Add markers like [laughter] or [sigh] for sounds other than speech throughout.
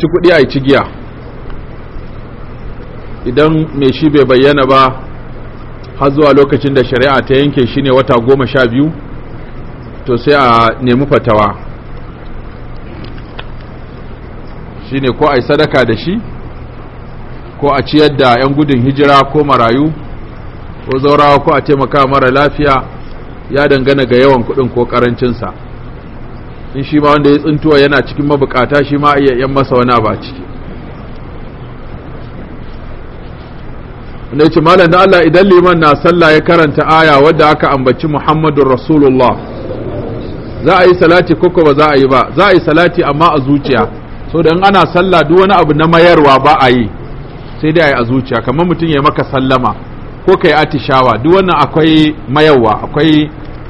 ci kuɗi a ci giya idan mai shi bai bayyana ba har zuwa lokacin da shari'a ta yanke shi ne wata goma sha biyu to sai a nemi fatawa shi ne ko a yi sadaka da shi ko a ciyar da 'yan gudun hijira ko marayu ko zaurawa ko a taimaka mara lafiya ya dangana ga yawan kuɗin ko ƙarancinsa in shi ma wanda ya tsintuwa yana cikin mabukata shi ma iya yan masa wani ba ciki wanda ya ce malam da Allah idan liman na sallah ya karanta aya wadda aka ambaci Muhammadun Rasulullah za a yi salati koko ba za a yi ba za a yi salati amma a zuciya so da ana sallah duk wani abu na mayarwa ba a yi sai dai a yi a zuciya kamar mutum ya maka sallama ko kai atishawa duk wannan akwai mayarwa akwai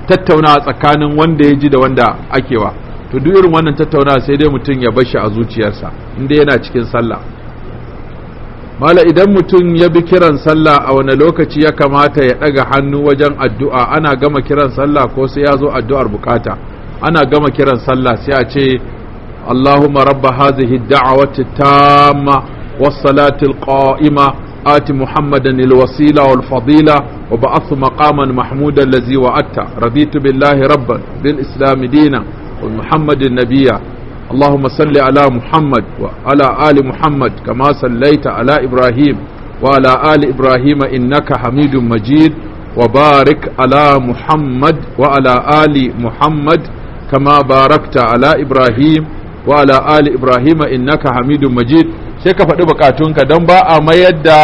tattaunawa tsakanin wanda ya ji da wanda akewa to duk irin wannan tattaunawa sai dai mutum ya bashi a zuciyarsa inda yana cikin sallah mala idan mutum ya bi kiran sallah a wani lokaci ya kamata ya ɗaga hannu wajen addu'a ana gama kiran sallah ko sai ya zo addu'ar bukata ana gama kiran sallah sai a ce allahumma rabba hazihi da'awati tamma was-salati al-qa'ima ati muhammadan al-wasila wal-fadila wa ba'athu maqaman mahmudan allazi wa'atta raditu billahi rabban bil islam dinan ومحمد النبي اللهم صل على محمد وعلى آل محمد كما صليت على إبراهيم وعلى آل إبراهيم إنك حميد مجيد وبارك على محمد وعلى آل محمد كما باركت على إبراهيم وعلى آل إبراهيم إنك حميد مجيد sai ka faɗi bukatunka don ba a mayar da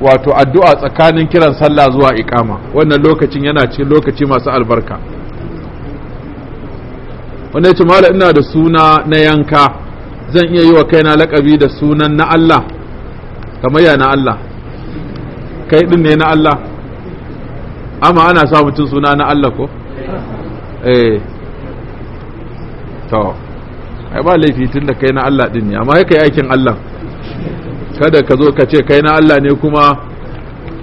wato addu'a tsakanin kiran sallah zuwa iƙama wannan lokacin yana cikin lokaci masu albarka wanda ce mala ina da suna na yanka zan iya yi wa kaina lakabi da sunan na Allah kamar ya na Allah kai din ne na Allah amma ana sa mutum suna na Allah ko eh to ai ba laifi tun da kai na Allah din ne amma kai kai aikin Allah kada ka zo ka ce kai na Allah ne kuma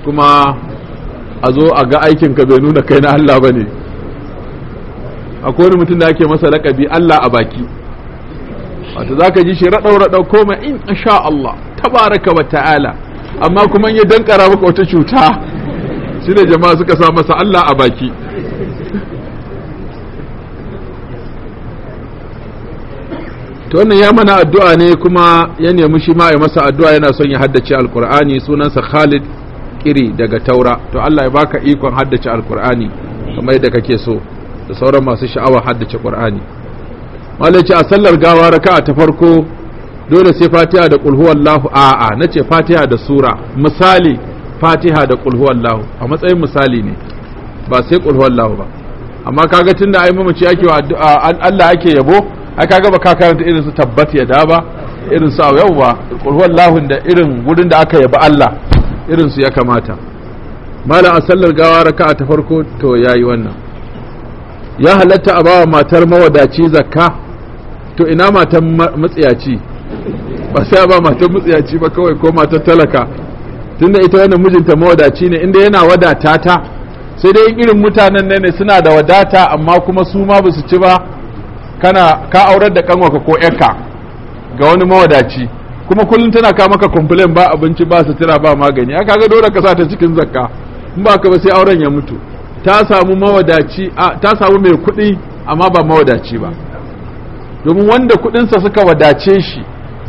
kuma a zo a ga aikin ka bai nuna kai na Allah bane akwai wani mutum da ake masa lakabi Allah a baki wato zaka ji shi raɗau raɗau koma in sha Allah tabaraka wa ta'ala amma kuma ya dankara maka wata cuta shi ne jama'a suka sa masa Allah a baki to wannan ya mana addu'a ne kuma ya nemi shi ma ya masa addu'a yana son ya haddace alkur'ani sunansa Khalid Kiri daga Taura to Allah ya baka ikon haddace alkur'ani kamar yadda kake so da sauran masu sha'awar haddace qur'ani malai ce a sallar gawa raka a ta farko dole sai fatiha da kulhu wallahu. a'a nace fatiha da sura misali fatiha da kulhu wallahu a matsayin misali ne ba sai kulhu wallahu ba amma kaga tunda ai mamaci ake wa Allah ake yabo ai kaga ba ka karanta irin su tabbat ya da ba irin su yau ba qul da irin wurin da aka yaba Allah irin su ya kamata malam a sallar gawa raka'a ta farko to yayi wannan ya halatta a bawa matar mawadaci zakka to ina matan matsiyaci ba sai a ba matan matsiyaci ba kawai ko matar talaka tunda ita wannan mijinta mawadaci ne inda yana wadata ta sai dai irin mutanen ne suna da wadata amma kuma su ma ba su ci ba kana ka aurar da kanwaka ko yarka ga wani mawadaci kuma kullum tana ka maka complain ba abinci ba sutura ba magani aka ga dole ka sa ta cikin zakka in ba ka ba sai auren ya mutu ta samu mawadaci ta samu mai kuɗi amma ba mawadaci ba domin wanda kuɗinsa suka wadace shi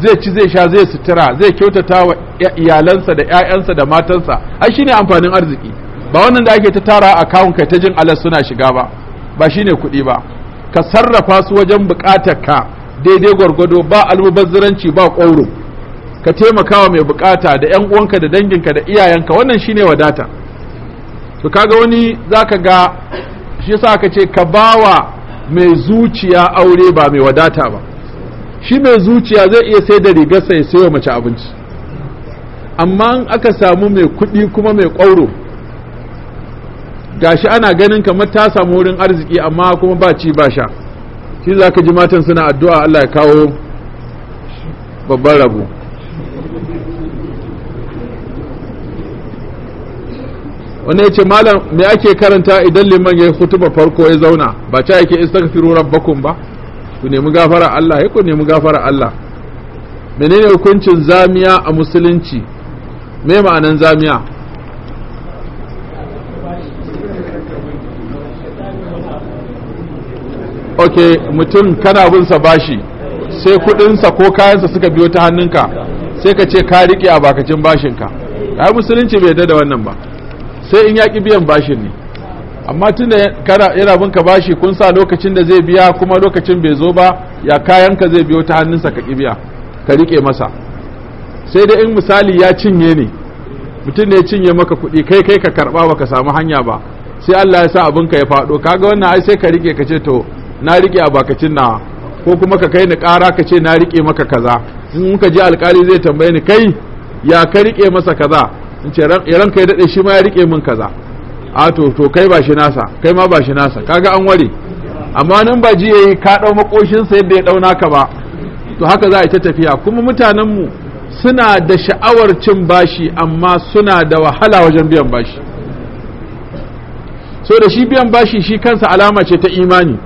zai ci zai sha zai sutura zai kyautata wa iyalansa da 'ya'yansa da matansa ai shine amfanin arziki ba wannan da ake ta tara kawun kai ta jin alas suna shiga ba ba shine kuɗi ba ka sarrafa su wajen buƙatar ka daidai gwargwado ba almubazziranci ba ƙwauro ka taimakawa mai buƙata da 'yan uwanka da danginka da iyayenka wannan shine wadata to kaga wani zaka ga shi yasa aka ce ka bawa mai zuciya aure ba mai wadata ba shi mai zuciya zai iya sai da rigarsa ya sayo mace abinci amma in aka samu mai kuɗi kuma mai kwauro gashi ana ganin kamar ta samu wurin arziki amma kuma ba ci ba sha shi za ka ji matan suna addu'a Allah ya kawo babban rabo wani ya ce malam me ake karanta idan liman ya yi hutuba farko ya zauna ba ca yake istaghfiru rabbakum ba ku nemi gafara Allah ya ku nemi gafara Allah menene hukuncin zamiya a musulunci me ma'anan zamiya ok mutum kana bin sa bashi sai kudinsa ko kayansa suka biyo ta hannunka sai ka ce ka riƙe a bakacin bashinka ai musulunci bai yarda da wannan ba sai in yaƙi biyan bashin ne amma tun da yana binka bashi kun sa lokacin da zai biya kuma lokacin bai zo ba ya kayanka zai biyo ta hannunsa ka ƙi biya ka riƙe masa sai dai in misali ya cinye ne mutum ne ya cinye maka kuɗi kai kai ka karɓa ba ka samu hanya ba sai Allah ya sa abinka ya faɗo kaga wannan ai sai ka riƙe ka ce to na riƙe a bakacin nawa ko kuma ka kai ni ƙara ka ce na riƙe maka kaza in ka je alƙali zai tambaye ni kai ya ka riƙe masa kaza in ce ranka ya daɗe shi ma ya riƙe min kaza a to to kai ba shi nasa kai ma ba shi nasa kaga an ware amma nan ba ji yayi ka ɗau makoshinsa yadda ya ɗauna ka ba to haka za a yi ta tafiya kuma mutanenmu suna da sha'awar cin bashi amma suna da wahala wajen biyan bashi so da shi biyan bashi shi kansa alama ce ta imani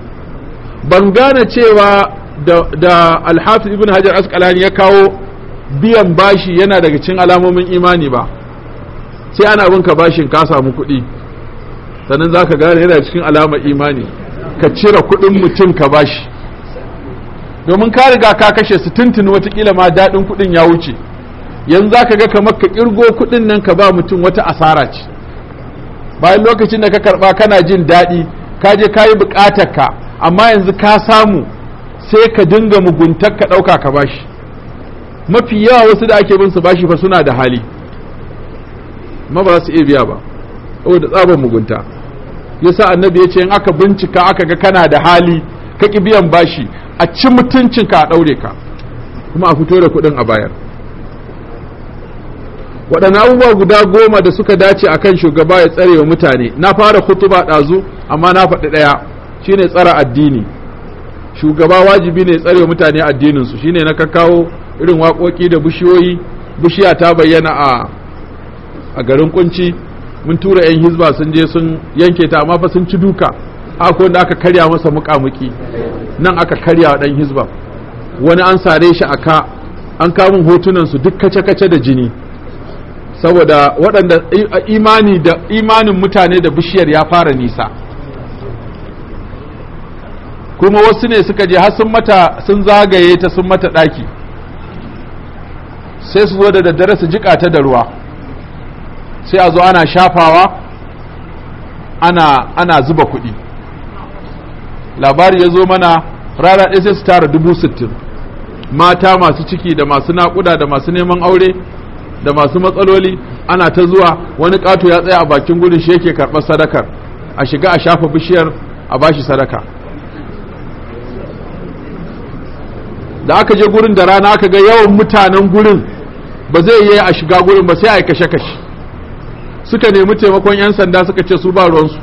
ban gane cewa da, da alhafiz ibn hajar asqalani ya kawo biyan bashi yana daga cikin alamomin imani ba sai ana bin ka bashin ka samu kuɗi sannan za ka gane yana cikin alama imani ka cire kuɗin mutum ka bashi domin ka riga ka kashe su tuntuni watakila ma daɗin kuɗin ya wuce yanzu za ka ga kamar ka kirgo kuɗin nan ka ba mutum wata asara ce bayan lokacin da ka karɓa kana jin daɗi ka je ka yi buƙatar ka amma yanzu ka samu sai ka dinga muguntar ka ɗauka ka bashi mafi yawa wasu da ake bin su bashi fa suna da hali ma ba za su iya biya ba saboda tsaban mugunta yasa annabi ya ce in aka bincika aka ga kana da hali ka ki biyan bashi a ci mutuncinka a ɗaure ka kuma a fito da kuɗin a bayar waɗanne abubuwa guda goma da suka dace a kan shugaba ya tsare wa mutane na fara kutuba ɗazu amma na faɗi ɗaya shine tsara addini shugaba wajibi ne tsare wa mutane addininsu shine na kawo irin waƙoƙi da bishiyoyi bishiya ta bayyana a a garin kunci mun tura 'yan hizba sun je sun yanke ta amma fa sun ci duka akwai da aka karya masa mukamuki nan aka karya dan hizba wani an sare shi a ka an kamun su duk kace-kace da jini saboda waɗanda imani da imanin mutane da bishiyar ya fara nisa kuma wasu ne suka je har sun mata sun zagaye ta sun mata ɗaki sai su zo da daddare su jika ta da ruwa sai a zo ana shafawa ana ana zuba kuɗi labari ya zo mana rana ɗaya sai su tara dubu sittin mata masu ciki da masu naƙuda da masu neman aure da masu matsaloli ana ta zuwa wani ƙato ya tsaya a bakin gudun shi yake karɓar sadakar a shiga a shafa bishiyar a bashi sadaka da aka je gurin da rana aka ga yawan mutanen gurin ba zai yi a shiga gurin ba sai a yi kashe-kashe suka nemi taimakon 'yan sanda suka ce su ba ruwansu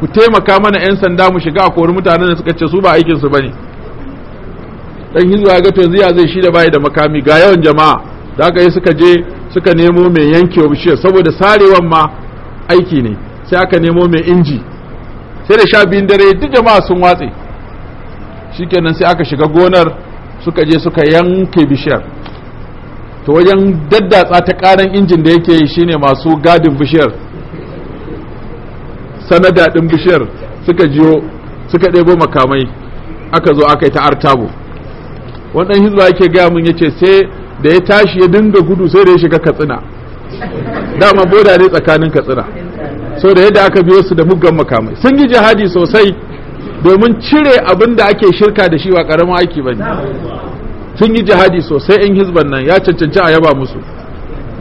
ku taimaka mana 'yan sanda mu shiga a kori mutanen da suka ce su ba aikinsu ba ne dan ya ga to ziya zai shi da bayi da makami ga yawan jama'a da aka yi suka je suka nemo mai yankewa bishiyar saboda sarewan ma aiki ne sai aka nemo mai inji sai da sha biyun dare duk jama'a sun watse shikenan sai aka shiga gonar suka je suka yanke bishiyar to wajen daddatsa ta karan injin da yake yi shine masu gadin bishiyar sanada din bishiyar suka jiyo suka ɗebo makamai aka zo aka yi ta artabo wannan hizba yake gaya mun yace sai da ya tashi ya dinga gudu sai da ya shiga katsina dama boda ne tsakanin katsina so da yadda aka biyo su da muggan makamai sun yi jihadi sosai domin cire abin da ake shirka da shi ba karamin aiki bane sun yi jihadi sosai in hizban nan ya cancanci a yaba musu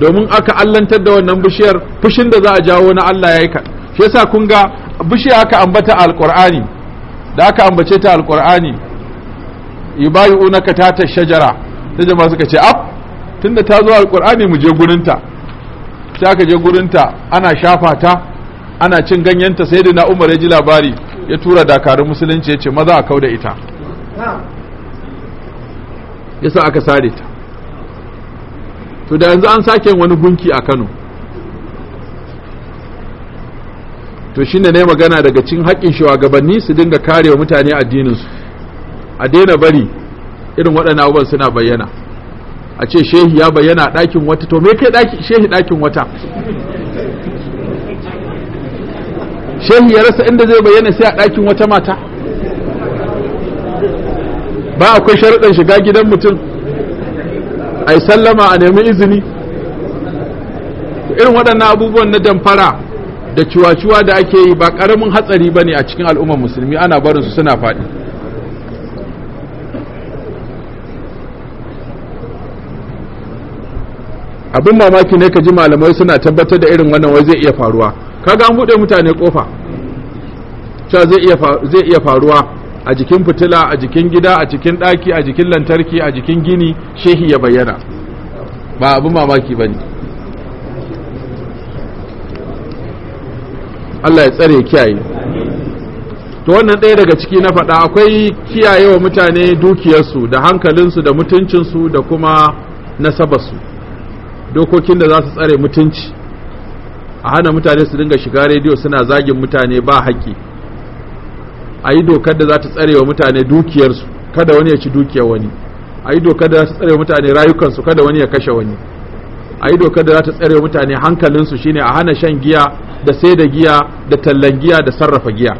domin aka allantar da wannan bishiyar fushin da za a jawo na Allah ya yi ka shi yasa kun ga bishiya aka ambata Alƙur'ani da aka ambace ta Unaka ta tata shajara ta jama'a suka ce ab tunda ta zo Alƙur'ani mu je gurinta sai aka je gurinta ana shafa ta ana cin ganyenta sai da na Umar ya ji labari ya tura dakarun musulunci ya ce maza a kau da ita yasa aka sare ta to da yanzu an sake wani gunki a kano to shi ne magana daga cin haƙƙin shugabanni su dinga karewa mutane addininsu a daina bari irin waɗannan abubuwan suna bayyana a ce shehi ya bayyana ɗakin wata to me kai shehi ɗakin wata shehi ya rasa inda zai bayyana sai a ɗakin wata mata ba akwai sharuɗan shiga gidan mutum a yi sallama a nemi izini irin waɗannan abubuwan na damfara da ciwa da ake yi ba ƙaramin hatsari ba ne a cikin al'ummar musulmi ana barin su suna faɗi abin mamaki ne ka ji malamai suna tabbatar da irin wannan wai zai iya faruwa kaga an buɗe mutane ƙofa cewa zai iya faruwa a jikin fitila a jikin gida a cikin ɗaki a jikin lantarki a jikin gini shehi ya bayyana ba abin mamaki ba ne Allah ya tsare kiyaye to wannan ɗaya daga ciki na faɗa akwai kiyaye wa mutane dukiyarsu da hankalinsu da mutuncinsu da kuma nasabarsu dokokin da za su tsare mutunci a hana mutane su dinga shiga rediyo suna zagin mutane ba haƙƙi a yi dokar da za ta tsare wa mutane dukiyarsu kada wani ya ci dukiyar wani a yi dokar da za ta tsare wa mutane rayukansu kada wani ya kashe wani a yi dokar da za ta tsare wa mutane hankalinsu shine a hana shan giya da sai da giya da tallan giya da sarrafa giya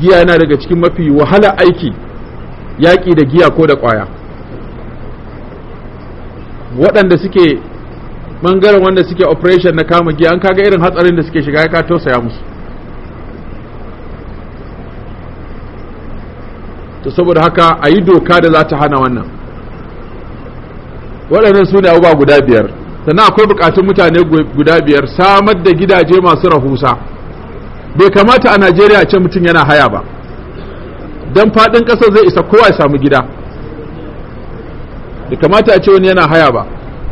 giya yana daga cikin mafi wahala aiki yaƙi da giya ko da ƙwaya waɗanda suke ɓangaren wanda suke operation na kama giya an kaga irin hatsarin da suke shiga ya ka tausaya musu to saboda haka a yi doka da za ta hana wannan waɗannan su ne abubuwa guda biyar sannan akwai buƙatun mutane guda biyar samar da gidaje masu rahusa bai kamata a najeriya ce mutum yana haya ba don faɗin ƙasar zai isa kowa ya samu gida bai kamata a ce wani yana haya ba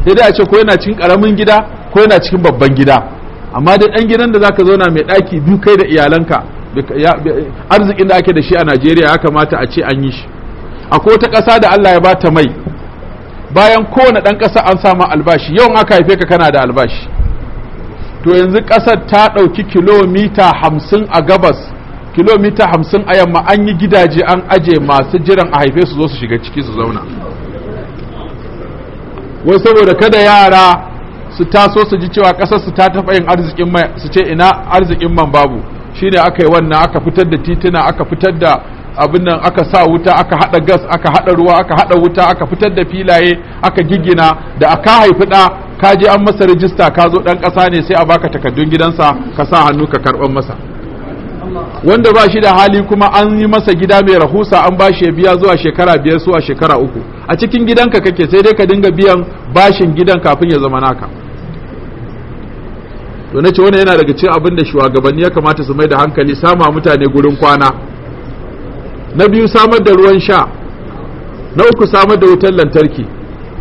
sai dai a ce ko yana cikin ƙaramin gida ko yana cikin babban gida amma dai ɗan gidan da zaka zauna mai ɗaki biyu kai da iyalanka arzikin da ake da shi a najeriya ya kamata a ce an yi shi akwai wata ƙasa da allah ya ba ta mai bayan kowane ɗan ƙasa an sama albashi yawan aka haife ka kana da albashi to yanzu ƙasar ta ɗauki kilomita hamsin a gabas kilomita hamsin a yamma an yi gidaje an aje masu jiran a haife su zo su shiga ciki su zauna wai saboda kada yara su taso su ji cewa ƙasar su ta taɓa yin arzikin mai su ce ina arzikin man babu shine aka yi wannan aka fitar da tituna aka fitar da abin nan aka sa wuta aka hada gas aka hada ruwa aka hada wuta aka fitar da filaye aka gigina da aka haifi da ka je an masa rijista ka zo dan kasa ne sai a baka takaddun gidansa ka sa hannu ka karban masa wanda ba shi da hali kuma an yi masa gida mai rahusa an ba shi biya zuwa shekara biyar zuwa shekara uku a cikin gidanka kake sai dai ka dinga biyan bashin gidan kafin ya zama naka to na ce wani yana daga cikin abin da shugabanni ya kamata su mai da hankali sama mutane gurin kwana na biyu samar da ruwan sha na uku samar da wutar lantarki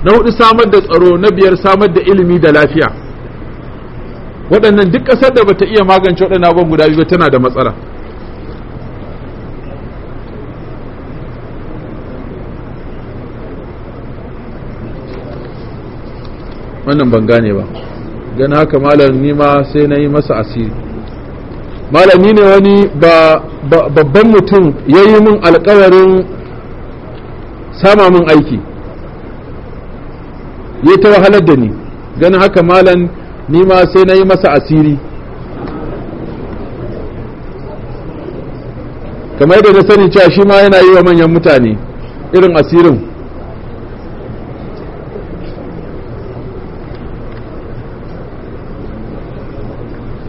na hudu samar da tsaro na biyar samar da ilimi da lafiya waɗannan duk ƙasar da bata iya magance waɗannan abubuwan guda biyu tana da matsala wannan ban gane ba gani haka malam nima sai na yi masa asiri malami ne wani babban mutum ya yi min alkawarin sama min aiki ya ta wahalar da ni ganin haka malam nima sai na yi masa asiri kamar yadda na sani cewa shi ma yana yi wa manyan mutane irin asirin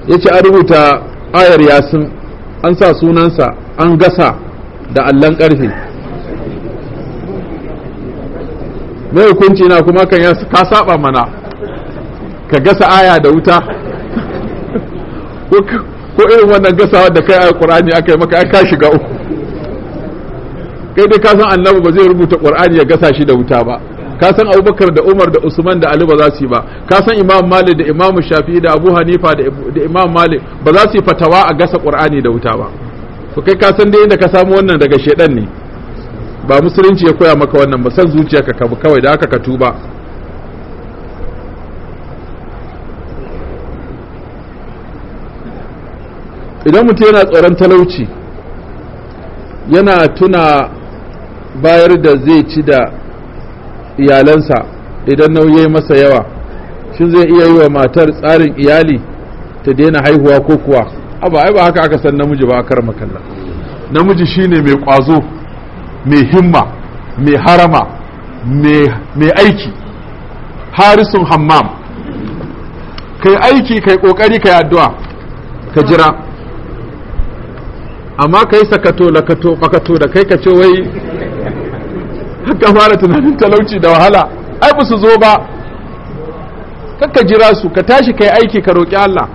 ya ce an rubuta ayar yasin an sa sunansa an gasa da allon ƙarfe mai hukunci na kuma kan yasu ka saba mana ka gasa aya da wuta ko irin wannan gasawa da kai a ƙur'ani aka yi maka ya ka shiga uku kai dai ka san annabi ba zai rubuta ƙur'ani ya gasa shi da wuta ba ka san abubakar da umar da usman da ali ba za su yi ba ka san imam malik da imam shafi'i da abu hanifa da imam malik ba za su yi fatawa a gasa qur'ani da wuta ba to kai ka san dai inda ka samu wannan daga shedan ne ba musulunci ya koya maka wannan ba san zuciyarka ka kawai da haka ka tuba idan mutum yana tsoron talauci yana tuna bayar da zai ci da iyalansa idan nauyi masa yawa shin zai iya yi wa matar tsarin iyali ta daina haihuwa ko kuwa ba ai ba haka aka san namiji ba a kar makalla namiji shine mai kwazo mai himma mai harama mai aiki harisun hammam kai aiki kai kokari kai addu'a ka jira amma kai sakato lakato bakato da kai ka ce wai ka fara tunanin talauci da wahala ai ba su zo ba kakka jira su ka tashi kai aiki ka roƙi Allah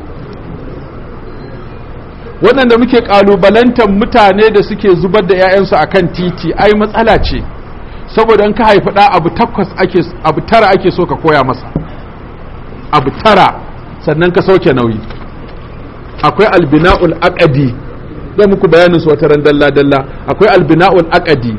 Wannan da muke ƙalubalantar mutane da suke zubar da 'ya'yansu a kan titi ai matsala ce saboda in ka haifi ɗa abu takwas ake abu tara ake so ka koya masa abu tara sannan ka sauke nauyi akwai albina'ul aqadi zai muku bayanin su wata ran dalla dalla akwai albina'ul aqadi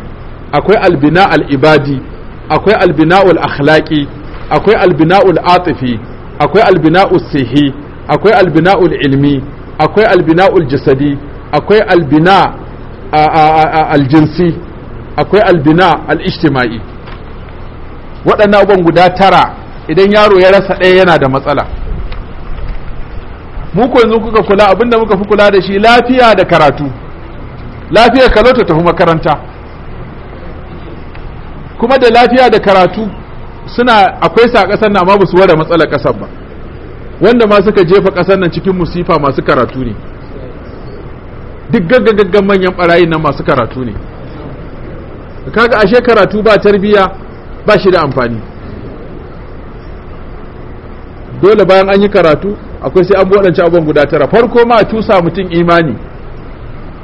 akwai albina al'ibadi akwai albina'ul akhlaqi akwai albina'ul atifi akwai albina sihi akwai albina ilmi akwai albina jasadi akwai albina aljinsi akwai albina al'ishtimai. waɗannan abubuwan guda tara idan yaro ya rasa ɗaya yana da matsala mu ko yanzu kuka kula abinda muka fi kula da shi lafiya da karatu lafiya ta tafi makaranta kuma da lafiya da karatu suna akwai sa ƙasar na amma ba su ware matsalar ƙasar ba wanda ma suka jefa ƙasar nan cikin musifa masu karatu ne duk gaggagaggan manyan barayi nan masu karatu ne kaga ashe karatu ba tarbiya ba shi da amfani dole bayan an yi karatu akwai sai an waɗancan abubuwan guda tara farko ma cusa mutum imani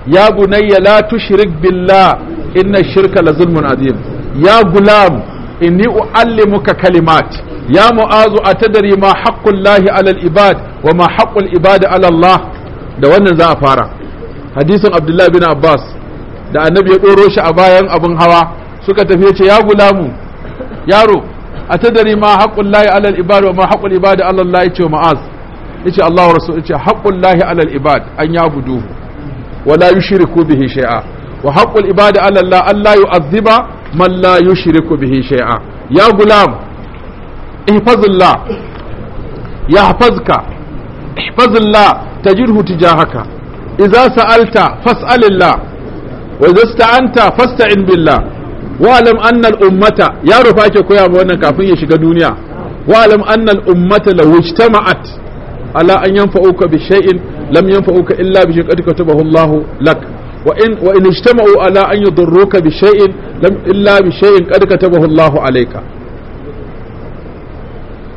ya bunayya la tushrik billah inna shirka la zulmun azim ya gulam inni uallimuka kalimat ya mu'azu atadari ma haqqul lahi alal ibad wa ma haqqul ibad ala Allah da wannan za a fara hadisin Abdullahi bin Abbas da annabi ya doro shi a bayan abin hawa suka tafi ce ya gulamu yaro a ta atadari ma haqqul lahi alal ibad wa ma haqqul ibad ala Allah ce mu'az yace Allah wa rasul ce haqqul lahi alal ibad an yabuduhu wa la yushriku bihi shay'a wa haqqul ibad ala Allah an la yu'azziba man la yushriku bihi shay'a ya gulam ihfazillah yahfazka ihfazillah tajirhu tijahaka idza sa'alta fas'alillah wa idza ista'anta ya rufa ke koya ma wannan kafin ya shiga duniya wa alam anna al ummata law ala an yanfa'uka bi shay'in lam yanfa'uka illa bi shay'in qad katabahu Allah lak وإن, وإن اجتمعوا على أن يضروك بشيء لم إلا بشيء قد كتبه الله عليك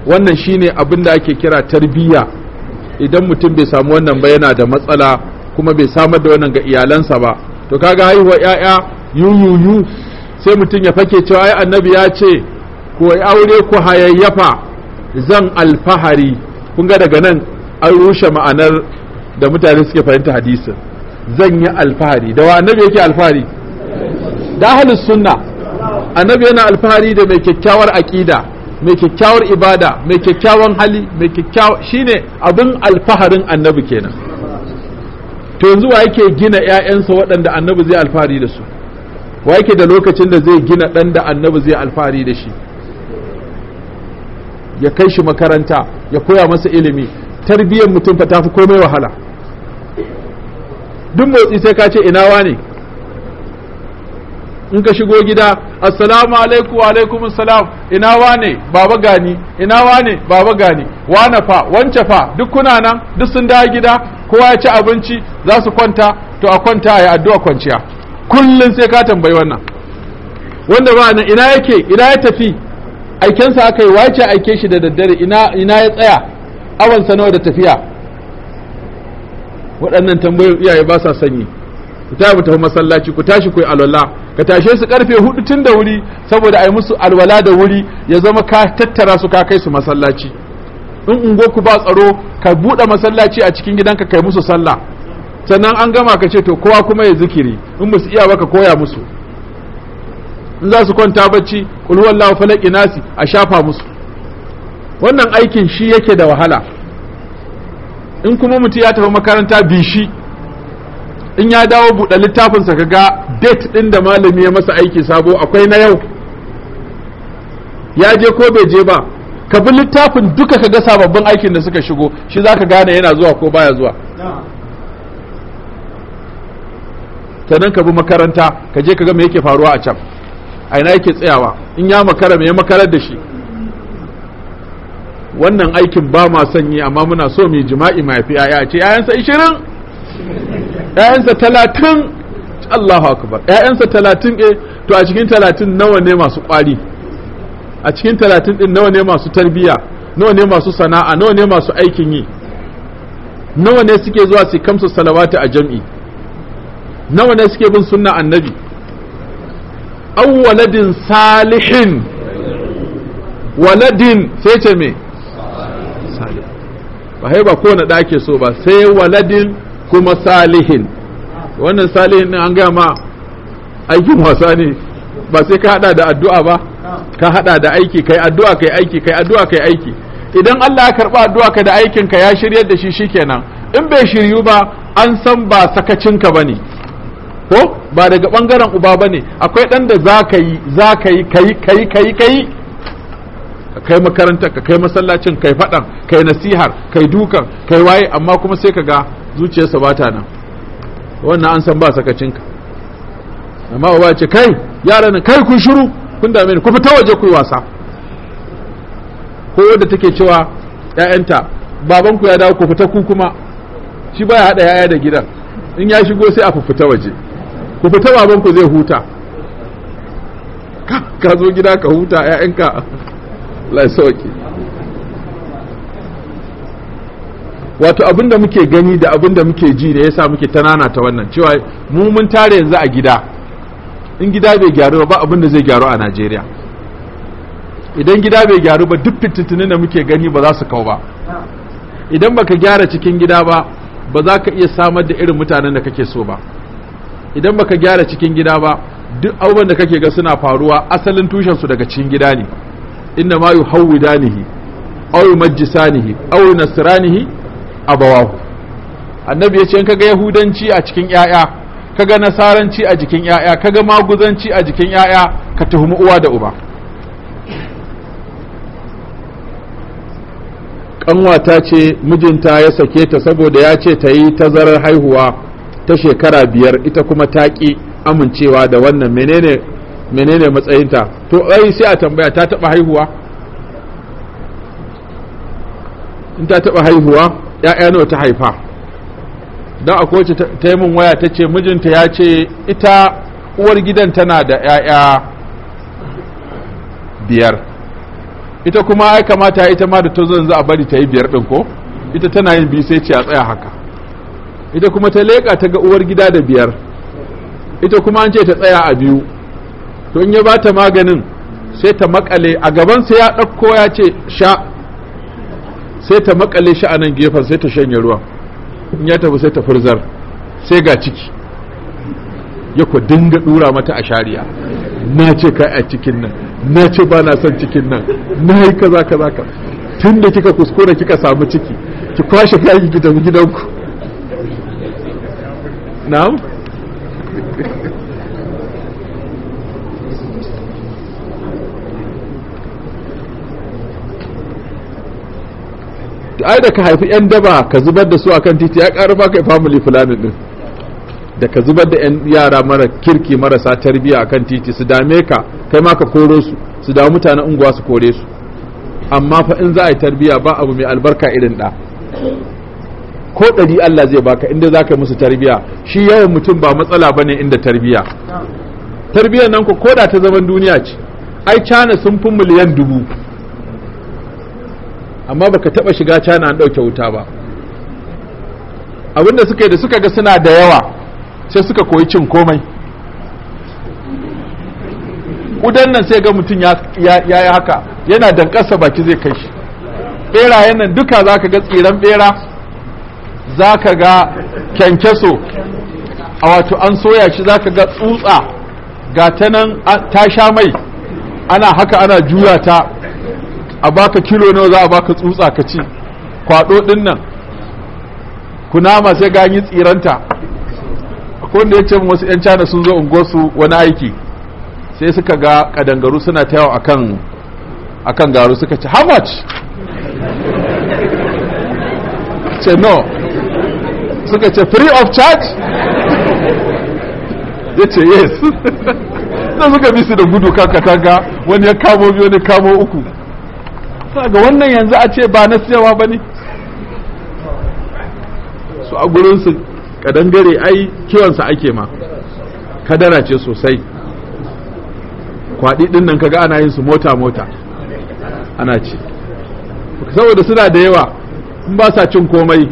wannan shine abin da ake kira tarbiyya idan mutum bai samu wannan ba yana da matsala kuma bai samar da wannan ga iyalansa ba to kaga haihuwa ya'ya yuyuyu sai mutum ya fake cewa ai annabi ya ce ko aure ku hayayyafa zan alfahari kun ga daga nan an rushe ma'anar da mutane suke fahimta hadisin zan yi alfahari da wa annabi yake alfahari da ahlus sunna annabi yana alfahari da mai kyakkyawar aqida mai kyakkyawar ibada mai kyakkyawan hali mai kyakkyawa shine abin alfaharin annabi kenan to yanzu wa yake gina ƴaƴansa waɗanda annabi zai alfahari da su wa yake da lokacin da zai gina ɗan da annabi zai alfahari da shi ya kai shi makaranta ya koya masa ilimi tarbiyyar mutum fa tafi komai wahala duk motsi sai ka ce ina wane in ka shigo gida assalamu alaikum wa alaikum assalam ina wane baba gani ina wane baba gani wane fa wance fa duk kuna nan duk sun dawo gida kowa ya ci abinci za su kwanta to a kwanta a yi addu'a kwanciya kullum sai ka tambayi wannan wanda ba nan ina yake ina ya tafi aikensa aka yi wace aike shi da daddare ina ya tsaya awansa nawa da tafiya waɗannan tambayoyin iyaye ba sa sanyi ku ta ku tafi masallaci ku tashi ku yi alwala ka tashe su karfe hudu tun da wuri saboda a yi musu alwala da wuri ya zama ka tattara su ka kai su masallaci in ungo ku ba tsaro ka buɗe masallaci a cikin gidanka kai musu sallah sannan an gama ka ce to kowa kuma ya zikiri in musu iya baka koya musu in za su kwanta bacci kulwallawa huwallahu a shafa musu wannan aikin shi yake da wahala in kuma mutum ya tafi makaranta bi shi in ya dawo buɗe littafinsa ka ga date ɗin da malami ya masa aiki sabo akwai na yau ya je ko bai je ba ka bi littafin duka ka ga sababbin aikin da suka shigo shi za ka gane yana zuwa ko baya zuwa sannan ka bi makaranta ka je ka ga me yake faruwa a can a ina yake tsayawa in ya makara me ya makarar da shi wannan aikin ba ma sanyi amma muna so mu jima'i ma yafi yaya ce yayansa 20 yayansa 30 Allahu akbar yayansa 30 eh to a cikin 30 nawa ne masu kwari a cikin 30 din nawa ne masu tarbiya nawa ne masu sana'a nawa ne masu aikin yi nawa ne suke zuwa su kamsa salawatu a jami'i nawa ne suke bin sunna annabi awwaladin salihin waladin sai ce me ba hai ba ko da ake so ba sai waladin kuma salihin wannan salihin an gaya ma aikin wasa ne ba sai ka hada da addu'a ba ka hada da aiki kai addu'a kai aiki kai addu'a kai aiki idan Allah ya karba addu'a ka da aikin ka ya shiryar da shi shikenan in bai shiryu ba an san ba sakacin ka bane ko ba daga bangaren uba bane akwai dan da ka yi ka yi kai kai kai kai ka kai makarantar ka kai masallacin kai faɗan kai nasihar kai dukan kai waye amma kuma sai ka ga zuciyarsa ba ta nan wannan an san ba sakacinka amma ba ce kai yaran kai kun shiru kun dame ni ku fita waje ku yi wasa ko wanda take cewa ƴaƴanta baban ku ya dawo ku fita ku kuma shi baya hada yaya da gidan in ya shigo sai a fita waje ku fita baban ku zai huta ka zo gida ka huta ƴaƴanka lai sauki wato abinda muke gani da abinda muke ji ne yasa muke tanana ta wannan cewa mu mun tare yanzu a gida in gida bai gyaru ba abinda zai gyaru a Najeriya idan gida bai gyaru ba duk fitintinin da muke gani ba za su kau ba idan baka gyara cikin gida ba ba za ka iya samar da irin mutanen da kake so ba idan baka gyara cikin gida ba duk abubuwan da kake ga suna faruwa asalin tushensu daga cikin gida ne inna ma yuhawwidanihi aw yumajjisanihi aw yunasranihi abawahu annabi yace in kaga yahudanci a cikin yaya kaga nasaranci a jikin yaya kaga maguzanci a jikin yaya ka tuhumi uwa da uba ƙanwata ce mijinta ya sake ta saboda ya ce ta yi tazarar haihuwa ta shekara biyar ita kuma ta ƙi amincewa da wannan menene menene matsayinta to ai sai a tambaya ta taba haihuwa in ta taba haihuwa ya'ya nawa ta haifa dan akwai wacce ta yi min waya ta ce mijinta ya ce ita uwar gidan tana da ya'ya biyar ita kuma ai kamata ita ma da to a bari ta yi biyar din ko ita tana yin biyu sai ce a tsaya haka ita kuma ta leƙa ta ga uwar gida da biyar ita kuma an ce ta tsaya a biyu to in ya bata maganin sai ta makale a gaban sai ya ɗauko ya ce sha sai ta makale shi a nan gefen sai ta shanye ruwan in ya tafi sai ta furzar sai ga ciki ya ku dinga dura mata a shari'a na ce ka a cikin nan na ce ba na son cikin nan na yi kaza kaza ka tun da kika kuskura kika samu ciki ki kwashe kayan gidan gidanku na'am ai da ka haifi yan daba ka zubar da su akan titi ya ƙara baka family planning din da ka zubar da yan yara mara kirki marasa tarbiyya akan titi su dame ka kai ma ka koro su su dawo mutanen unguwa su kore su amma fa in za a yi tarbiyya ba abu mai albarka irin da ko ɗari Allah zai baka inda za ka musu tarbiyya shi yawan mutum ba matsala bane inda tarbiyya tarbiyyar nan ko da ta zaman duniya ce ai cana sun fi miliyan dubu amma baka taba shiga cana an dauke wuta ba abinda suka yi da suka ga suna da yawa sai suka koyi cin komai kudan nan sai ga mutum ya yi haka yana dankasa baki zai kai shi berayen nan duka za ka ga tsiran bera za ka ga kyankyaso a wato an soya shi za ka ga tsutsa ga ta nan ta sha mai ana haka ana juya ta a baka kilo nawa za a baka tsutsa ka ci kwado din nan kunama sai ga tsiranta akwai wanda ya ce wasu yan cana sun zo unguwarsu wani aiki sai suka ga kadangaru suna ta yawa akan akan garu suka ce how much [laughs] ce no suka ce free of charge [laughs] ya ce yes [laughs] sai suka bi su da gudu kan katanga wani ya kamo biyu wani kamo uku ga wannan yanzu a ce ba na siyawa ba ne su a gurinsu kadangare ai kiwonsa ake ma kadara ce sosai kwaɗi ɗin nan kaga ana yin su mota-mota ana ci saboda suna da yawa in ba sa cin komai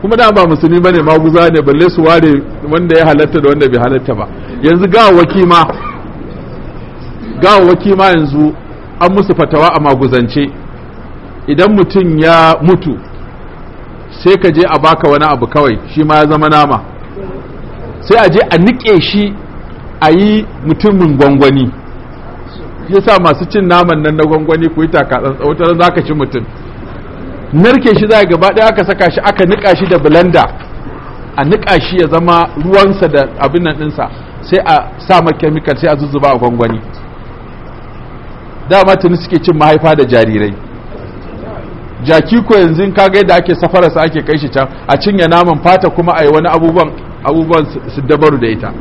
kuma da ba musulmi ba ne maguza ne balle su ware wanda ya halatta da wanda bai halatta ba yanzu waki ma waki ma yanzu an musu fatawa a maguzance idan mutum ya mutu sai ka je a baka wani abu kawai shi ma ya zama nama sai a je a niƙe shi a yi mutumin gwangwani sa masu cin naman nan na gwangwani ku yi takatsan tsawutar za ka ci mutum narke shi za gaba ɗaya aka saka shi aka niƙa shi da blender a niƙa shi ya zama ruwansa da abin nan ɗinsa sai a sa kemikal sai a zuzzuba a gwangwani dama tuni suke cin mahaifa da jarirai jaki ko yanzu kaga yadda ake safararsa ake kai shi can a cinye naman fata kuma a yi wani abubuwan abubuwan su dabaru da ita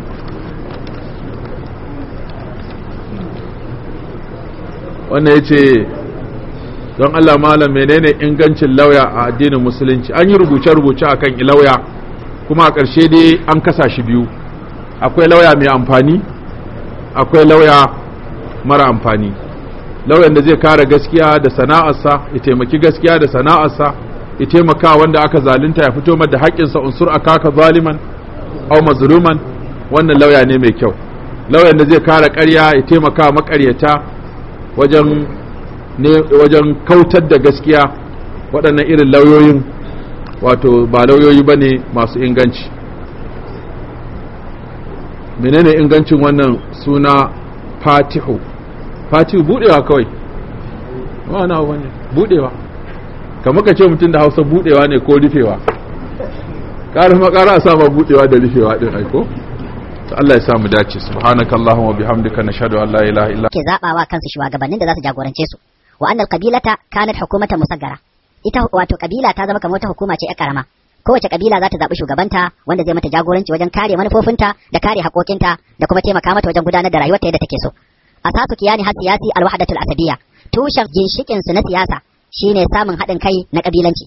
wannan ya ce don allah malam menene ingancin lauya a addinin musulunci an yi rubuce-rubuce akan kan lauya kuma a ƙarshe dai an kasa shi biyu akwai lauya mai amfani akwai lauya mara amfani lauyan da zai kare gaskiya da sana'arsa ya taimaki gaskiya da sana'arsa ya taimaka wanda aka zalunta ya fito da haƙƙinsa unsur akaka zaliman au mazluman wannan lauya ne mai kyau lauyan da zai kare ƙarya ya taimaka maƙaryata wajen ne wajen kautar da gaskiya waɗannan irin lauyoyin wato ba lauyoyi bane masu inganci menene ingancin wannan suna fatihu faci budewa kawai wani abu ne budewa ka ka ce mutum da hausa budewa ne ko rufewa ƙarin makara a sama budewa da rufewa din aiko ta Allah ya samu dace subhanakallahumma wa bihamdika nashhadu an la ilaha illa ke wa kansu shugabannin da za su jagorance su wa annal qabilata kanat hukumata musaggara ita wato kabila ta zama kamar wata hukuma ce ya karama kowace kabila za ta zaɓi shugabanta wanda zai mata jagoranci wajen kare manufofinta da kare haƙoƙinta da kuma taimaka mata wajen gudanar da rayuwarta yadda take so asasu kiyani har siyasi alwahdatul asabiyya tushen ginshikin su na siyasa shine samun haɗin kai na kabilanci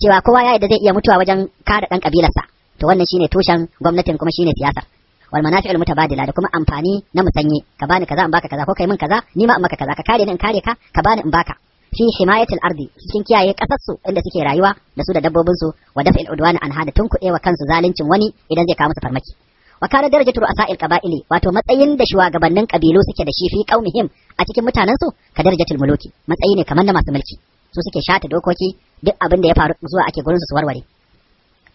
cewa kowa ya da zai iya mutuwa wajen kada dan kabilarsa to wannan shine tushen gwamnatin kuma shine siyasar wal manafi'ul mutabadila da kuma amfani na musanyi ka bani kaza in baka kaza ko kai min kaza ni ma in maka kaza ka kare ni in kare ka ka bani in baka fi himayatil ardi cikin kiyaye kasarsu inda suke rayuwa da su da dabbobin su wa daf'il Anha an hada tunkuɗewa kansu zaluncin wani idan zai kawo musu farmaki wa kana darajatu ru'asa'il qaba'ili wato matsayin da shugabannin kabilu suke da shi fi qaumihim a cikin mutanen su ka darajatul muluki matsayi ne kamar na masu mulki su suke shata dokoki duk abin da ya faru zuwa ake gurin su su warware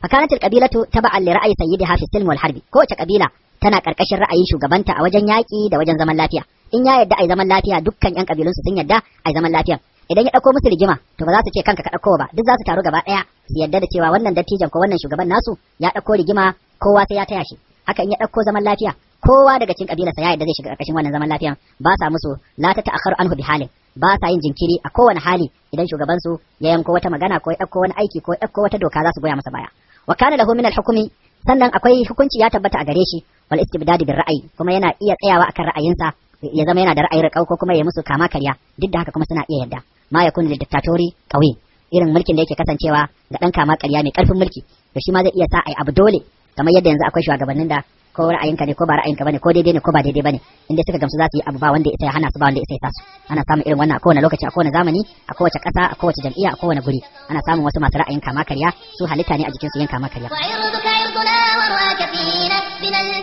fa kanatil qabilatu taba'an li ra'yi sayyidiha fi silm wal harbi ko kowace kabila tana karkashin ra'ayin shugabanta a wajen yaki da wajen zaman lafiya in ya yadda ai zaman lafiya dukkan yan kabilun su sun yadda ai zaman lafiya idan ya dauko musu rigima to ba za su ce kanka ka dauko ba duk za su taru gaba daya su yadda da cewa wannan dattijan ko wannan shugaban nasu ya dauko rigima kowa sai ya taya shi haka in ya ɗauko zaman lafiya kowa daga cikin kabilarsa ya yadda zai shiga ƙarƙashin wannan zaman lafiya ba sa musu la ta an anhu bihalin ba sa yin jinkiri a kowane hali idan shugaban su ya yanko wata magana ko ya ɗauko wani aiki ko ya ɗauko wata doka za su goya masa baya wa kana lahu min al-hukmi sannan akwai hukunci ya tabbata a gare shi wal istibdad bil ra'ayi kuma yana iya tsayawa akan ra'ayinsa ya zama yana da ra'ayi riƙau ko kuma ya musu kama karya duk da haka kuma suna iya yadda ma ya lid diktatori qawi irin mulkin da yake kasancewa ga dan kama karya mai karfin mulki to shi ma zai iya sa ai abu dole kamar yadda yanzu akwai shugabannin da ko ra'ayinka ne ko ba ra'ayinka bane ko daidai ne ko ba daidai bane inda suka gamsu za su yi abu ba wanda ya hana su ba wanda ya sa su ana samun irin wannan a kowane lokaci a kowane zamani a kowace ƙasa a kowace jam'iyya a kowane guri ana samun wasu masu ra'ayin kama karya su halitta ne a jikin su yin kama karya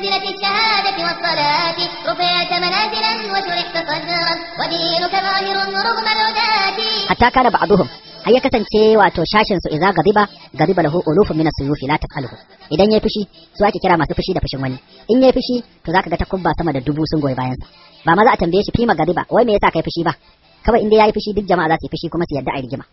بمنزلة الشهادة والصلاة رفعت منازلا وشرحت صدرا ودينك ظاهر رغم العداة حتى كان بعضهم har ya kasance wato shashin su idza gadiba gadiba lahu ulufun min as-suyufi la taqaluhu idan yayi fushi su ake kira masu fushi da fushin wani in yayi fushi to zaka ga takubba sama da dubu sun goyi bayan ba maza a tambaye shi fima gadiba wai me yasa kai fushi ba kawai inda dai yayi fishi duk jama'a za su yi fushi kuma su yarda a rigima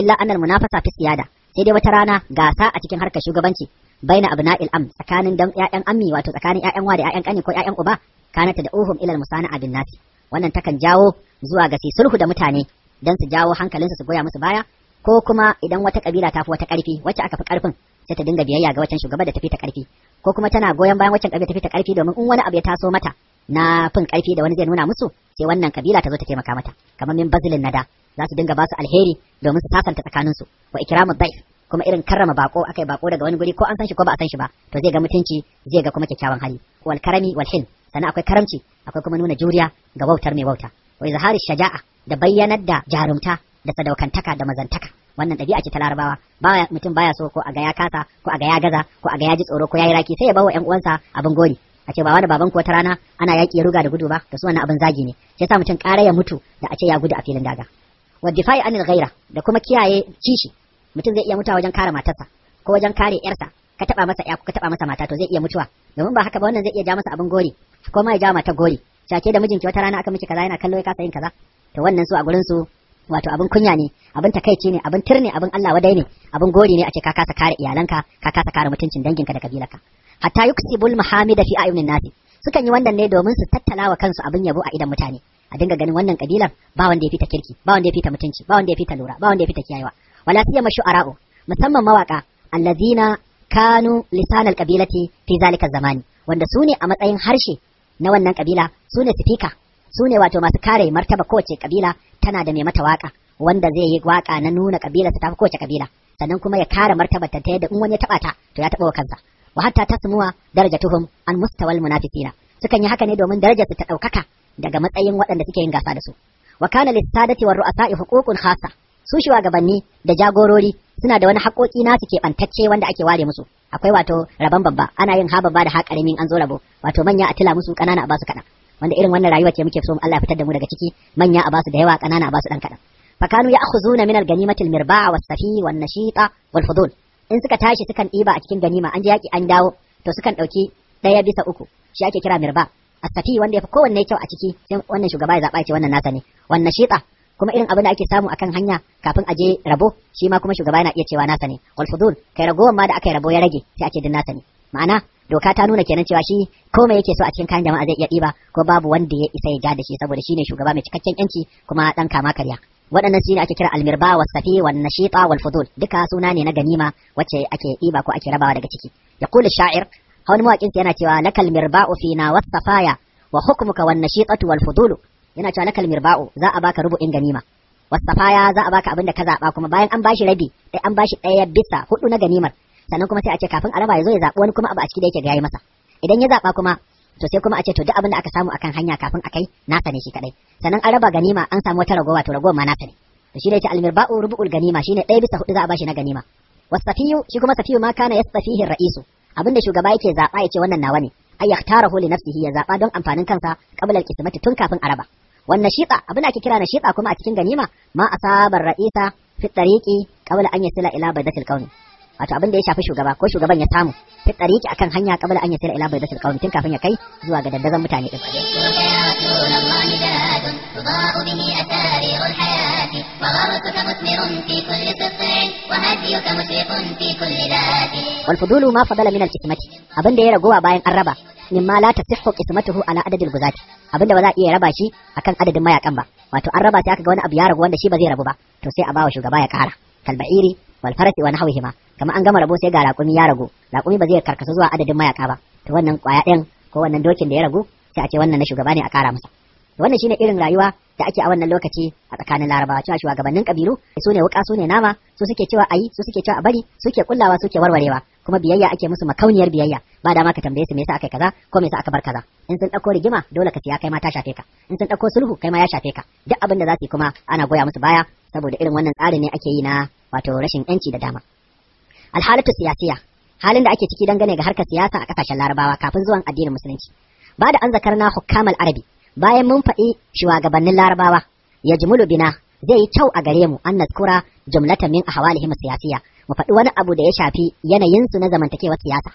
illa annal munafasa fi siyada sai dai wata rana gasa a cikin harkar shugabanci baina abna'il am tsakanin dan ƴaƴan ammi wato tsakanin ƴaƴan wa da ƴaƴan kani ko ƴaƴan uba kanata da uhum ilal musana'a bin nasi wannan takan jawo zuwa ga sulhu da mutane dan su jawo hankalinsu su goya musu baya ko kuma idan wata kabila ta fi wata karfi wacce aka fi karfin sai ta dinga biyayya ga wancan shugaban da fi ta ƙarfi. ko kuma tana goyon bayan waccan kabila fi ta ƙarfi domin in wani abu ya taso mata na fin karfi da wani zai nuna musu sai wannan kabila ta zo ta taimaka mata kamar min bazilin nada za su dinga ba su alheri domin su sasanta tsakaninsu wa ikramud daif kuma irin karrama bako akai bako daga wani guri ko an san shi ko ba a san shi ba to zai ga mutunci zai ga kuma kyakkyawan hali wal karami wal hin sannan akwai karamci akwai kuma nuna juriya ga wautar mai wauta wa hari shaja'a da bayyanar da jarumta da sadaukantaka da mazantaka wannan dabi'a ce ta larabawa baya mutum baya so ko aga ya kasa ko aga ya gaza ko aga ya ji tsoro ko ya yi raki sai ya bawa ƴan uwansa abin gori a ce ba wani baban ko ta rana ana yaki ya ruga da gudu ba da su wannan abin zagi ne sai sa mutum ƙara ya mutu da a ce ya gudu a filin daga wa difa'i anil ghaira da kuma kiyaye kishi mutum zai iya mutuwa wajen kare matarsa ko wajen kare yarsa ka taba masa ya ka taba masa mata to zai iya mutuwa domin ba haka ba wannan zai iya ja masa abin gori ko ma ya ja mata gori shake da mijinki wata rana aka miki kaza yana kallo ya kasa yin kaza to wannan su a gurin su wato abin kunya ne abin takaici ne abin tirne abin Allah wadai ne abin gori ne a ce ka kasa kare iyalanka ka kasa kare mutuncin danginka da kabilarka hatta yuksibul muhamida fi ayunin nasi sukan yi wannan ne domin su tattalawa kansu abin yabo a idan mutane a dinga ganin wannan kabilan ba wanda ya fita kirki ba wanda ya fita mutunci ba wanda ya fita lura ba wanda ya fita kiyayewa wala siyama shu'ara'u musamman mawaka allazina kanu lisanal qabilati fi zalika zamani wanda su ne a matsayin harshe na wannan kabila su ne sifika su ne wato masu kare martaba kowace kabila tana da mai mata waka wanda zai yi waka na nuna kabila ta tafi kowace kabila sannan kuma ya kare martabar ta yadda in wani ya taba ta to ya taba wa kansa wa hatta tasmuwa tuhum an mustawal munafiqina sukan yi haka ne domin daraja su ta daukaka daga matsayin waɗanda suke yin gasa da su wa kana lissadati war ru'asa'i huququn khassa su shugabanni da jagorori suna da wani haƙoƙi nasu keɓantacce wanda ake ware musu akwai wato rabon babba ana yin ha babba da ha ƙaramin an zo rabo wato manya a tila musu ƙanana a basu kaɗan wanda irin wannan rayuwa ce muke so Allah ya fitar da mu daga ciki manya a basu da yawa ƙanana a basu ɗan kaɗan fakanu ya akhuzuna min al-ganimati al-mirba'a was-safi wan-nashita wal-fudul in suka tashi sukan ɗiba a cikin ganima an je yaƙi an dawo to sukan ɗauki ɗaya bisa uku shi ake kira mirba A safi wanda ya fi kowanne kyau a ciki sai wannan shugaba ya zaɓa ce wannan nasa ne wannan shita kuma irin abin da ake samu akan hanya kafin a je rabo shi ma kuma shugaba yana iya cewa nasa ne wal fudul kai ragowar ma da aka yi rabo ya rage sai a ce din nasa ne ma'ana doka ta nuna kenan cewa shi ko yake so a cikin kayan jama'a zai iya diba ko babu wanda ya isa ya ja da shi saboda ne shugaba mai cikakken yanci kuma dan kama karya waɗannan su ne ake kira almirba wa safi wa nashita wal fudul duka suna ne na ganima wacce ake diba ko ake rabawa daga ciki yaqulu sha'ir hawan mawaƙin yana cewa lakal mirba'u fina was safaya wa hukmuka wa nashitatu wal fudul yana cewa lakal mirba'u za a baka rubu'in ganima wasafaya za a baka abinda ka zaba kuma bayan an bashi rabi sai an bashi ɗaya bisa hudu na ganimar sannan kuma sai a ce kafin a raba ya zo ya zaɓi wani kuma abu a ciki da yake gaya masa idan ya zaɓa kuma to sai kuma a ce to duk abinda aka samu akan hanya kafin akai nasa ne shi kadai sannan an raba ganima an samu wata ragowa to ragowa ma nasa ne to shi ne ce almirba'u rubu'ul ganima shine ɗaya bisa hudu za a bashi na ganima wasafiyu shi kuma safiyu ma kana yastafihi ra'isu abinda shugaba yake zaɓa yace wannan nawa ne ay yahtarahu li nafsihi ya zaba don amfanin kansa qabla al tun kafin araba wannan shiqa abin ake kira na shiqa kuma a cikin ganima ma asabar ra'isa fi tariqi qabla an yasila ila baydatil qawmi wato abin da ya shafi shugaba ko shugaban ya samu fi tariqi akan hanya qabla an yasila ila baydatil qawmi tun kafin ya kai zuwa ga daddazan mutane din فحرارتك مثمر في كل قطع وهديك مشرق في ya ragowa bayan an raba ma la tasihhu qismatuhu ala adadil guzati abinda ba za a iya raba shi akan adadin mayakan ba wato an raba sai aka ga wani abu ya ragu wanda shi ba zai rabu ba to sai a bawa shugaba ya kara kalba'iri wal hau wa ma kamar an gama rabo sai ga raƙumi ya ragu raƙumi ba zai karkasu zuwa adadin mayaka ba to wannan kwaya ɗin ko wannan dokin da ya ragu sai a ce wannan na shugaba ne a kara masa wannan shine irin rayuwa da ake a wannan lokaci a tsakanin larabawa cewa shugabannin kabilu su ne wuka su ne nama su suke cewa ayi su suke cewa a bari suke kullawa suke warwarewa kuma biyayya ake musu makauniyar biyayya ba dama ka tambaye su me yasa aka kaza ko me yasa aka bar kaza in sun dauko rigima dole ka siya kai ma ta shafe ka in sun dauko sulhu kai ma ya shafe ka duk abin da za su yi kuma ana goya musu baya saboda irin wannan tsarin ne ake yi na wato rashin yanci da dama alhalatu siyasiya halin da ake ciki dangane ga harkar siyasa a kasashen larabawa kafin zuwan addinin musulunci ba da an na hukamal arabi bayan mun faɗi shugabannin larabawa ya jimulu bina zai yi kyau a gare mu an naskura jumlata min a himar siyasiya mu faɗi wani abu da ya shafi yanayin su na zamantakewar siyasa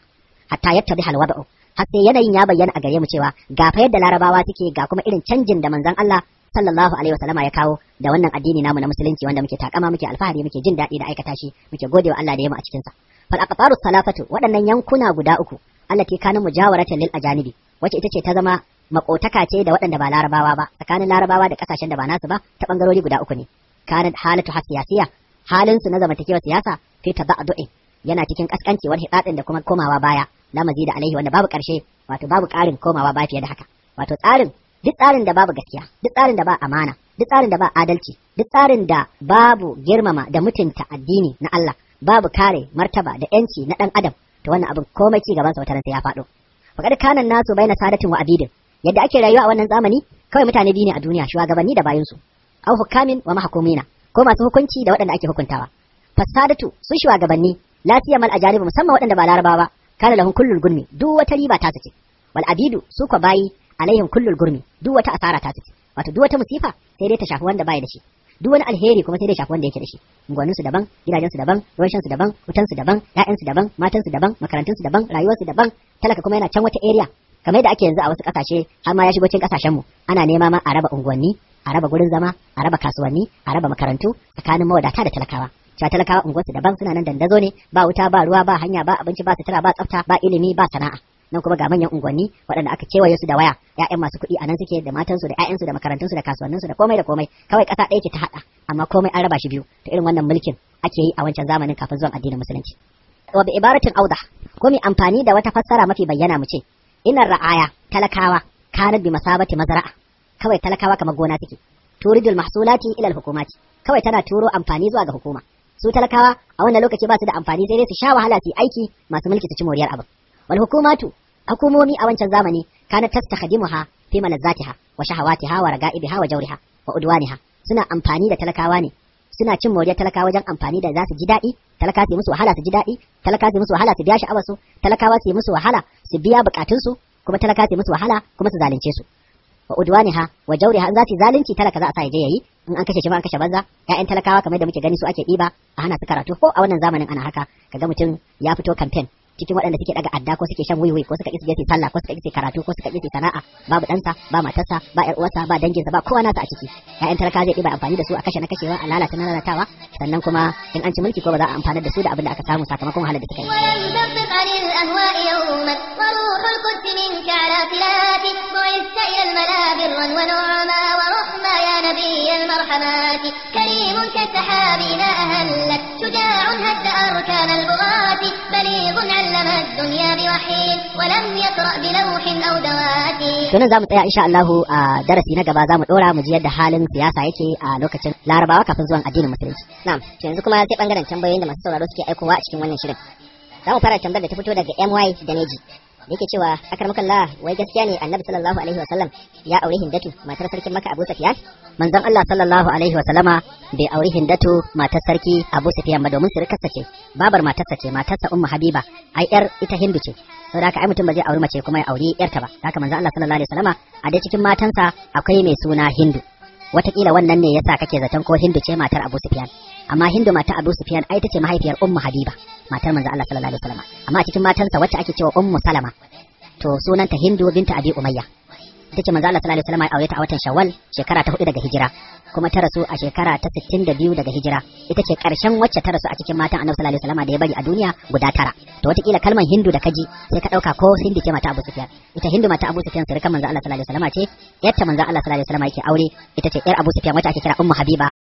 hatta halwa halwada'u har sai yanayin ya bayyana a gare mu cewa ga fa yadda larabawa suke ga kuma irin canjin da manzon Allah sallallahu alaihi wasallama ya kawo da wannan addini namu na musulunci wanda muke takama muke alfahari muke jin daɗi da aikata shi muke godewa Allah da ya mu a cikin sa fal aqtarus salafatu waɗannan yankuna guda uku allati kana mujawaratan lil ajanibi wacce ita ce ta zama makotaka ce da waɗanda ba larabawa ba tsakanin larabawa da ƙasashen da ba nasu ba ta bangarori guda uku ne kanat halatu siyasiya halin su na zamantakewar siyasa fi tabadu'in yana cikin wani hidadin da kuma komawa baya Lamazi da alaihi wanda babu karshe wato babu ƙarin komawa baya fiye da haka wato tsarin duk tsarin da babu gaskiya duk tsarin da ba amana duk tsarin da ba adalci duk tsarin da babu girmama da mutunta addini na Allah babu kare martaba da yanci na dan adam to wannan abin komai ci gaban sa wataran sai ya faɗo faqad kanan nasu baina sadatin wa abidin yadda ake rayuwa a wannan zamani kawai mutane biyu ne a duniya shugabanni da bayansu au hukamin wa mahkumina ko masu hukunci da waɗanda ake hukuntawa fasadatu sun shugabanni la siyamal ajarib musamman waɗanda ba laraba ba kana lahum kullul gurmi duk wata riba ta sace wal abidu su ko bayi alaihim kullul gurmi duk wata asara ta sace wato duk wata musifa sai dai ta shafi wanda bai da shi duk wani alheri kuma sai dai shafi wanda yake da shi unguwannin su daban gidajen su daban ruwan su daban hutan su daban ƴaƴan su daban matan su daban makarantun su daban rayuwar su daban talaka kuma yana can wata area kamar da ake yanzu a wasu kasashe har ma ya shigo cikin kasashen mu ana nema ma a raba unguwanni a raba gurin zama a raba kasuwanni a raba makarantu tsakanin mawadata da talakawa cewa talakawa unguwarsu daban suna nan dandazo ne ba wuta ba ruwa ba hanya ba abinci ba sutura ba tsafta ba ilimi ba sana'a nan kuma ga manyan unguwanni waɗanda aka kewaye su da waya ƴaƴan masu kuɗi a nan suke da matansu da ya'yansu da makarantunsu da kasuwanninsu da komai da komai kawai ƙasa ɗaya ce ta haɗa amma komai an raba shi biyu ta irin wannan mulkin ake yi a wancan zamanin kafin zuwan addinin musulunci wa bi ibaratin auda ko mai amfani da wata fassara mafi bayyana mu ce inar ra'aya talakawa kana bi masabati mazra'a kawai talakawa kamar gona take turidul mahsulati ila hukumati kawai tana turo amfani zuwa ga hukuma su talakawa a wannan lokaci ba su da amfani sai dai su sha wahala su aiki masu mulki su ci moriyar abu wal hukumatu hukumomi a wancan zamani kana tastakhdimuha fi malazzatiha wa shahawatiha wa raga'ibiha wa jawriha wa udwaniha suna amfani da talakawa ne suna cin moriyar talaka wajen amfani da za su ji daɗi talaka su yi musu wahala su ji daɗi talaka su yi musu wahala su biya sha'awar su talakawa su yi musu wahala su biya bukatun su kuma talaka su yi musu wahala kuma su zalunce su wa ha wa jawri ha za su zalunci talaka za a sa ya je yayi in an kashe shi ma an kashe banza ƴaƴan talakawa kamar da muke gani su ake ɗiba a hana su karatu ko a wannan zamanin ana haka kaga mutum ya fito campaign cikin waɗanda suke daga adda ko suke shan wiwi ko suka ki je su sallah ko suka ki karatu ko suka ki su sana'a babu ɗansa ba matarsa ba ƴar uwarsa ba danginsa ba kowa nasa a ciki ƴaƴan talaka zai ɗiba amfani da su a kashe na kashewa a lalata na lalatawa sannan kuma in an ci mulki ko ba za a amfana da su da abin da aka samu sakamakon wahalar da suka yi كريم كالسحاب لا أهلت شجاع هد أركان البر الدنيا بوحيد ولم يقرأ tsaya insha Allah a darasi na gaba mu dora mu ji yadda halin siyasa yake a lokacin Larabawa kafin zuwan addinin musulunci na'am to yanzu kuma sai bangaren tambayoyin da masu sauraro suke aikowa a cikin wannan shirin mu fara tambayar da ta fito daga MY Daneji yake cewa akar makalla wai gaskiya ne annabi sallallahu alaihi wasallam ya aure hindatu matar sarkin maka abu sufyan manzon allah sallallahu alaihi wasallama bai aure hindatu matar sarki abu sufyan ba domin sirkarsa ce babar matar matarsa ce sa ummu habiba ai yar ita hindu ce saboda haka ai mutum ba zai aure mace kuma ya aure yarta ba haka manzon allah sallallahu alaihi wasallama a dai cikin matansa akwai mai suna hindu Wataƙila wannan ne yasa kake zaton ko hindu ce matar abu sufyan amma hindu mata abu sufyan ai tace mahaifiyar ummu habiba matar manzo Allah sallallahu alaihi wasallam amma a cikin matansa wacce ake cewa ummu salama to sunanta hindu binta abi umayya tace manzo Allah sallallahu alaihi wasallam ya aure ta a watan shawwal shekara ta 4 daga hijira kuma ta rasu a shekara ta 62 daga hijira ita ce karshen wacce ta rasu a cikin matan annabi sallallahu alaihi wasallam da ya bari a duniya guda tara to watakila kalmar hindu da kaji sai ka dauka ko Hindu ce mata abu sufyan ita hindu mata abu sufyan sirkan manzo Allah sallallahu alaihi wasallam ce yatta manzo Allah sallallahu alaihi wasallam yake aure ita ce yar abu sufyan wacce ake kira ummu habiba